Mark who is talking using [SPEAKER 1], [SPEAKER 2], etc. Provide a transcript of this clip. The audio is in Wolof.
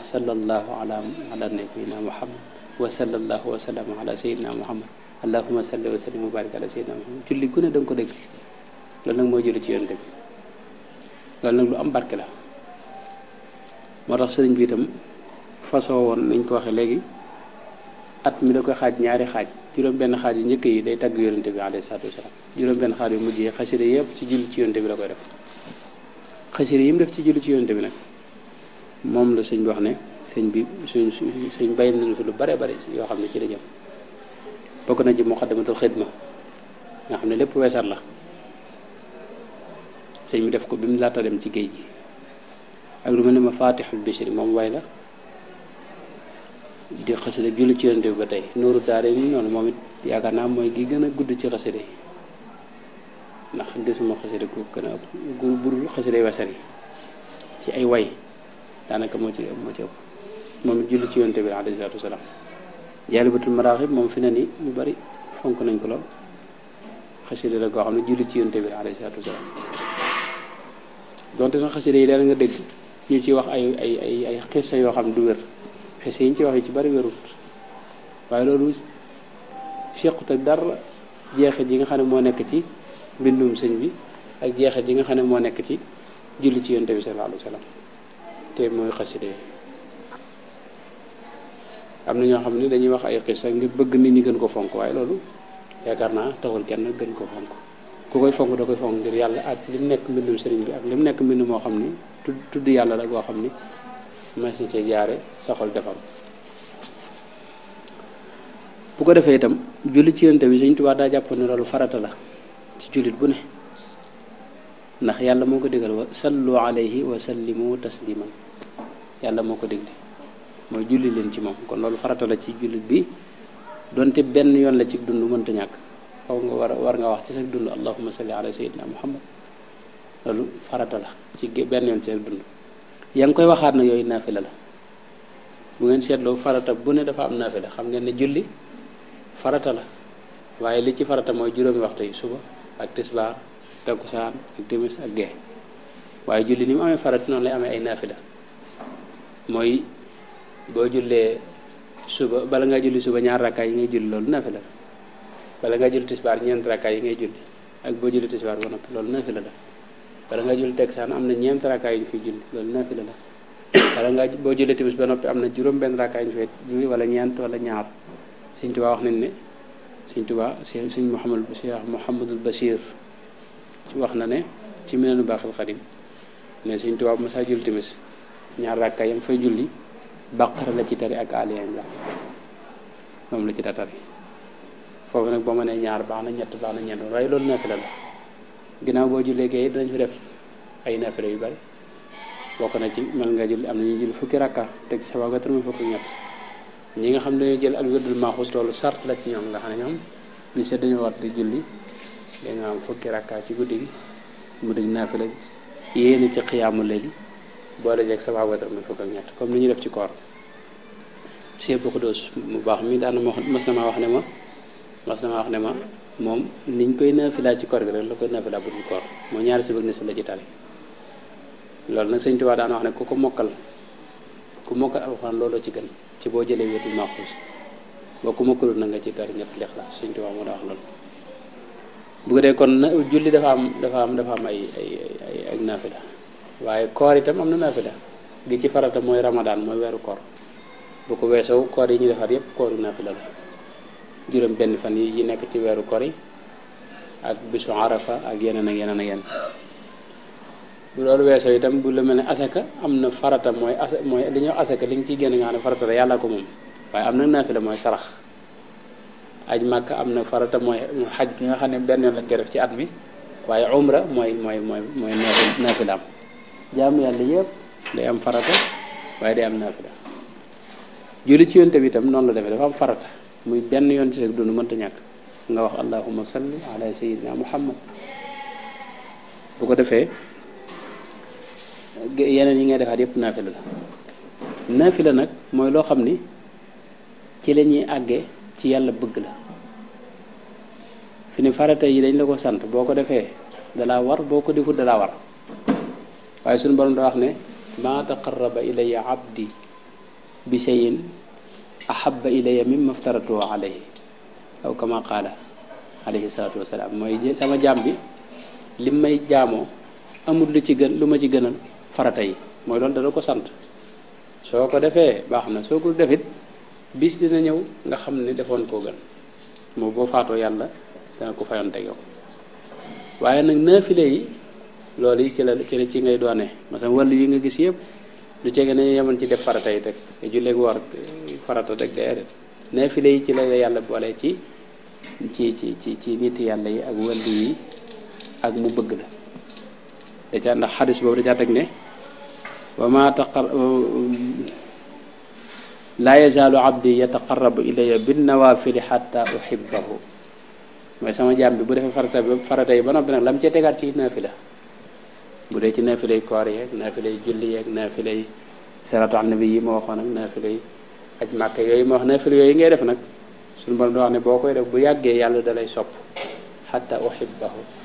[SPEAKER 1] sallallahu ala ala nabiyina muhammad wa sallallahu wa sallam ala sayyidina muhammad allahuma salli wa sallim wa barik muhammad julli gune da nga ko dégg loolu nag mooy julli ci yonte bi loolu nag lu am barke la moo tax sëriñ bi itam façon woon nañ ko waxee léegi at mi da koy xaaj ñaari xaaj juróom-benn xaaj yu njëkk yi day tagg yonte bi alayhi salaatu wasalaam juróom-benn xaaj yu mujj yi xasida yëpp ci julli ci yonte bi la koy def xasida yi mu def ci julli ci yonte bi nag moom la sëñ bi wax ne sëñ bi suñ suñ bàyyi nañu fi lu bare bari yoo xam ne ci la jëm bokk na ci muqaddamatul xidma nga xam ne lépp weesar la sëñ bi def ko bi mu laata dem ci géej gi ak lu ma ne ma faatixul bishri moom way la di xasida julli ci yonte bi ba tey nooru daare ni noonu moom it yaakaar naa mooy gi gën a gudd ci xasida yi ndax gisuma xasida gu gën a gu budul xasida weesar yi ci ay way daanaka moo ci moo ci ëpp moom it julli ci yonte bi alayhi salaatu wasalaam jaalibatul maraaxib moom fi ne nii ñu bari fonk nañ ko lool xasida la koo xam ne julli ci yonte bi alayhi salaatu wasalaam donte yi daan nga dégg ñu ci wax ay ay ay ay yoo xam ne du wér xisa yi ñu ci wax yi ci bari wérut waaye loolu sequt ak dara jeexit yi nga xam ne moo nekk ci mbindum sëñ bi ak jeexit ji nga xam ne moo nekk ci julli ci yonte bi sallallahu alayhi wa sallam te mooy xasida yi am na ñoo xam ne dañuy wax ay xisa ngir bëgg nit ñi gën ko fonk waaye loolu yaakaar naa taxul kenn gën ko fonk ku koy fonk da koy fonk ngir yàlla ak lim nekk mbindum sëriñ bi ak lim nekk mbind moo xam ni tudd yàlla la goo xam ni mas na cee jaare sa xol defar bu ko defee itam julli ci yonent bi Sëriñ Tuubaa daa jàpp ne loolu farata la ci jullit bu ne ndax yàlla moo ko digal wa sallu alayhi wa sallimu tasliman yàlla moo ko digle mooy julli leen ci moom kon loolu farata la ci jullit bi donte benn yoon la ci dund mënta ñàkk faw nga war war nga wax ci sa dund allahumma salli ala sayyidina muhammad loolu farata la ci benn yoon ci sa dund yaa ngi koy waxaat na yooyu naafila la bu ngeen seetloo farata bu ne dafa am naafila xam ngeen ne julli farata la waaye li ci farata mooy juróomi waxtu yi suba ak tisbaar takkusaan ak timis ak gee waaye julli ni mu amee farat noonu lay amee ay naafila mooy boo jullee suba bala nga julli suba ñaar rakkaay yi ngay julli loolu naafila la bala nga julli tisbaar ñeent rakkaay yi ngay julli ak boo julli tisbaar ba noppi loolu naafila la bala nga julli tegsaan am na ñeent rakkaay yu ñu fiy julli loolu naafila la bala nga boo jullee timis ba noppi am na juróom benn rakkaay yu ñu fay julli wala ñeent wala ñaar Sëñ Tuubaa wax nañ ne Sëñ Tuubaa Sëñ Muhammad Cheikh Muhammadul Basiir wax na ne ci Minanul Baaxil Xadim ne Sëñ Tuubaa bu masaa julli timis ñaar rakka yam fay julli baqara la ci tari ak Ali la moom la ci daa tari foofu nag boo ma ne ñaar baax na ñett baax na ñeent waaye loolu naafila la ginnaaw boo jullee gee dinañ fi def ay naafila yu bari bokk na ci mën nga julli am na ñuy julli fukki rakka teg ci sabaa quatre-vingt fukki ñett ñi nga xam dañoo jël ak wirdul maaxus loolu sart la ci ñoom nga xam ne ñoom ni seet dañoo di julli dengan am fukki rakka ci guddi gi mu dugg naafila yene ci xiyaamu léegi boole jeeg sabaa watar muy fukk ak ñett comme niñu def ci koor Cheikh bu khodos mu bax mi daana mo mas na ma wax ne ma mas na ma wax ne ma mom niñ koy naafilaa ci koor gi rek la koy naafilaa bu dul koor mo ñaar ci bëgg ne si la ci tal lool nag sëñ Tuubaa daan wax ne ko ko mokal ku mokal alquran loolo ci gën ci bo jele wetu maaxuus boo ko na nga ci dar ñet lixlaas sëñ Tuubaa mo da wax lool bu dee kon na julli dafa am dafa am dafa am ay ay ay ak naafila waaye koor itam am na naafila gi ci farata mooy ramadan mooy weeru koor bu ko weesoo koor yi ñu defar yëpp kooru naafila la juróom benn fan yi yi nekk ci weeru koor yi ak bisu arafa ak yeneen ak yeneen ak yeneen bu loolu weesoo itam bu la mel ne asaka am na farata mooy asa mooy li ñoo asaka li ñu ciy génn nga xam ne farata la yàlla ko moom waaye am na naafila mooy sarax aj màkka am na farata mooy xaj bi nga xam ne benn yoon lañ koy ci at mi waaye umra mooy mooy mooy mooy naafilaam jaamu yàlla yëpp day am farata waaye de am naafila julli ci yonte bi itam noonu la defee dafa am farata muy benn yoon ci sag dund mënta ñàkk nga wax allahumma salli ala xam muhammad bu ko defee yeneen yi ngay defaat yëpp naafila la naafila nag mooy loo xam ni ci la ñuy àggee ci yàlla bëgg la fi ni farata yi dañ la ko sant boo ko defee dalaa war boo ko defut dalaa war waaye suñu borom da wax ne ma taqarraba ilaya abdi bi cheyin ahaba ilaya mimma aftaratu alayhi aw kama qaala alayhi salatu wasalaam mooy sama jaam bi li may jaamoo amut lu ci gën lu ma ci gënal farata yi mooy loolu dala ko sant soo ko defee baax na soo ko defit bis dina ñëw nga xam ne defoon koo gën moo boo faatoo yàlla dana ko fayoon teg yow waaye nag naafile yi loolu yi ci la ci la ci ngay doone masam wàllu yi nga gis yëpp lu ceege ne yemoon ci def farata yi teg julleeg war farata teg déedéet naafile yi ci la yàlla boolee ci ci ci ci ci nit yàlla yi ak wàllu yi ak mu bëgg la da ca ndax xadis boobu da teg ne wa ma taqar laa yazaalu abdi yataqarrabu ilayya bin nawaafili xatta uhibbahu mooy sama jaam bi bu defee farata farata yi ba noppi nag lam cee tegaat ci naafila bu dee ci naafilay koor yeeg naafilay julli yeeg naafilay salaatu ala bi yi ma waxoon ak naafilay aj màkk yooyu ma wax naafila yooyu ngay def nag suñu borom doo wax ne boo koy def bu yàggee yàlla dalay sopp xatta uhibbahu